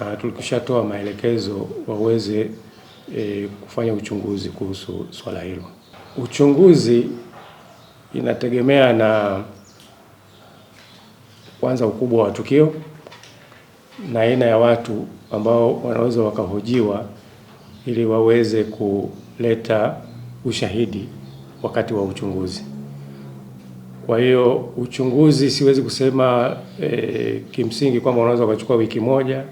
uh, ah, tukishatoa maelekezo waweze eh, kufanya uchunguzi kuhusu swala hilo. Uchunguzi inategemea na kwanza ukubwa wa tukio na aina ya watu ambao wanaweza wakahojiwa ili waweze kuleta ushahidi wakati wa uchunguzi. Kwa hiyo uchunguzi siwezi kusema e, kimsingi kwamba unaweza ukachukua wiki moja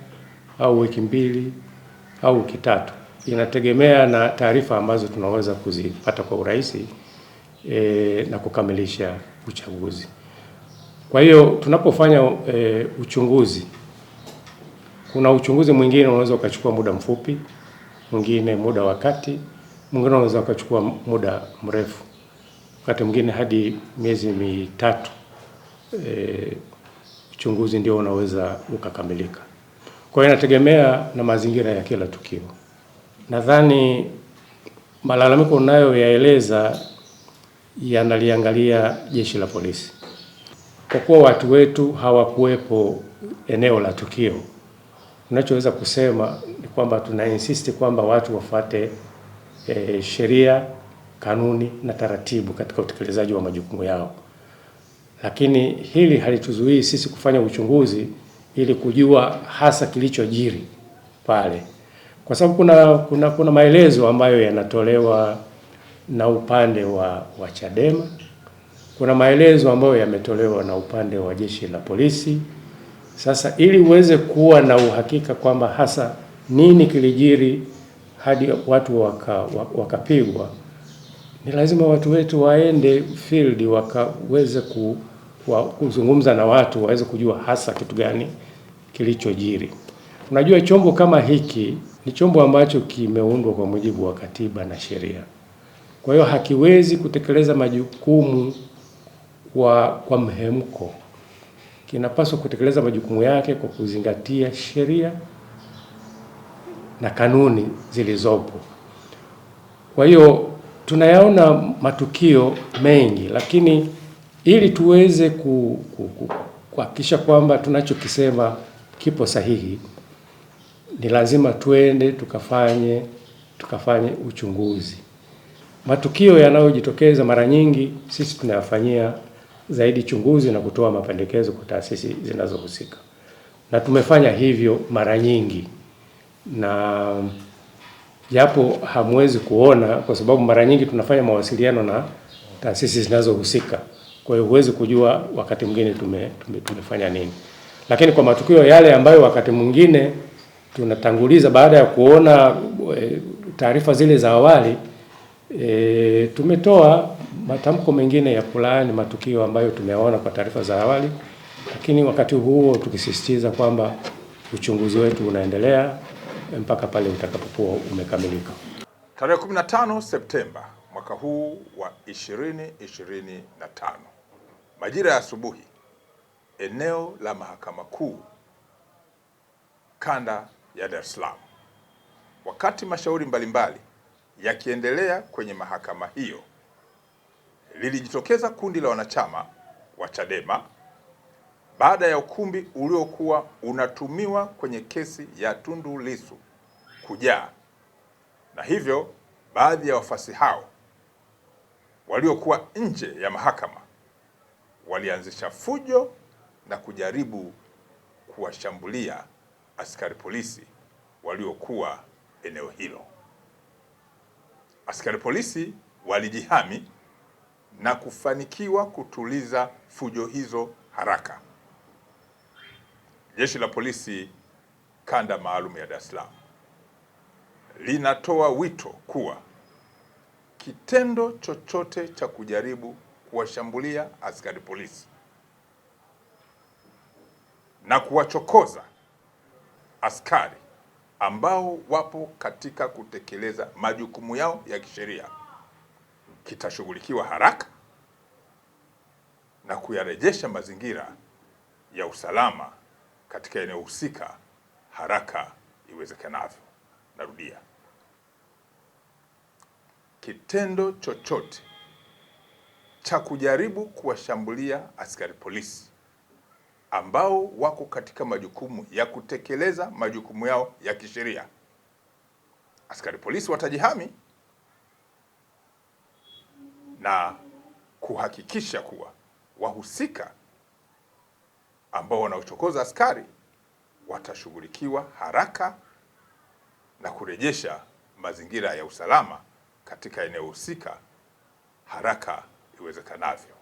au wiki mbili au wiki tatu, inategemea na taarifa ambazo tunaweza kuzipata kwa urahisi e, na kukamilisha uchaguzi. Kwa hiyo tunapofanya e, uchunguzi, kuna uchunguzi mwingine unaweza ukachukua muda mfupi, mwingine muda wa kati, mwingine unaweza ukachukua muda mrefu, wakati mwingine hadi miezi mitatu e, uchunguzi ndio unaweza ukakamilika. Kwa hiyo inategemea na mazingira ya kila tukio. Nadhani malalamiko unayoyaeleza yanaliangalia jeshi la polisi, kwa kuwa watu wetu hawakuwepo eneo la tukio. Unachoweza kusema ni kwamba tuna insist kwamba watu wafuate e, sheria, kanuni na taratibu katika utekelezaji wa majukumu yao, lakini hili halituzuii sisi kufanya uchunguzi ili kujua hasa kilichojiri pale, kwa sababu kuna, kuna, kuna maelezo ambayo yanatolewa na upande wa, wa Chadema, kuna maelezo ambayo yametolewa na upande wa jeshi la polisi. Sasa ili uweze kuwa na uhakika kwamba hasa nini kilijiri hadi watu wakapigwa waka ni lazima watu wetu waende field wakaweze ku, wa, kuzungumza na watu waweze kujua hasa kitu gani kilichojiri. Unajua, chombo kama hiki ni chombo ambacho kimeundwa kwa mujibu wa katiba na sheria, kwa hiyo hakiwezi kutekeleza majukumu kwa, kwa mhemko. Kinapaswa kutekeleza majukumu yake kwa kuzingatia sheria na kanuni zilizopo. Kwa hiyo tunayaona matukio mengi, lakini ili tuweze kuhakikisha ku, ku, kwamba tunachokisema kipo sahihi, ni lazima tuende tukafanye tukafanye uchunguzi. Matukio yanayojitokeza mara nyingi sisi tunayafanyia zaidi chunguzi na kutoa mapendekezo kwa taasisi zinazohusika, na tumefanya hivyo mara nyingi, na japo hamwezi kuona kwa sababu mara nyingi tunafanya mawasiliano na taasisi zinazohusika, kwa hiyo huwezi kujua wakati mwingine tume, tume, tumefanya nini. Lakini kwa matukio yale ambayo wakati mwingine tunatanguliza baada ya kuona e, taarifa zile za awali e, tumetoa matamko mengine ya kulaani matukio ambayo tumeona kwa taarifa za awali, lakini wakati huo tukisisitiza kwamba uchunguzi wetu unaendelea mpaka pale utakapokuwa umekamilika. Tarehe 15 Septemba mwaka huu wa 2025 majira ya asubuhi eneo la Mahakama Kuu kanda ya Dar es Salaam. Wakati mashauri mbalimbali yakiendelea kwenye mahakama hiyo, lilijitokeza kundi la wanachama wa Chadema baada ya ukumbi uliokuwa unatumiwa kwenye kesi ya Tundu Lissu kujaa, na hivyo baadhi ya wafasi hao waliokuwa nje ya mahakama walianzisha fujo na kujaribu kuwashambulia askari polisi waliokuwa eneo hilo. Askari polisi walijihami na kufanikiwa kutuliza fujo hizo haraka. Jeshi la polisi kanda maalum ya Dar es Salaam linatoa wito kuwa kitendo chochote cha kujaribu kuwashambulia askari polisi na kuwachokoza askari ambao wapo katika kutekeleza majukumu yao ya kisheria kitashughulikiwa haraka na kuyarejesha mazingira ya usalama katika eneo husika haraka iwezekanavyo. Narudia, kitendo chochote cha kujaribu kuwashambulia askari polisi ambao wako katika majukumu ya kutekeleza majukumu yao ya kisheria. Askari polisi watajihami na kuhakikisha kuwa wahusika ambao wanaochokoza askari watashughulikiwa haraka na kurejesha mazingira ya usalama katika eneo husika haraka iwezekanavyo.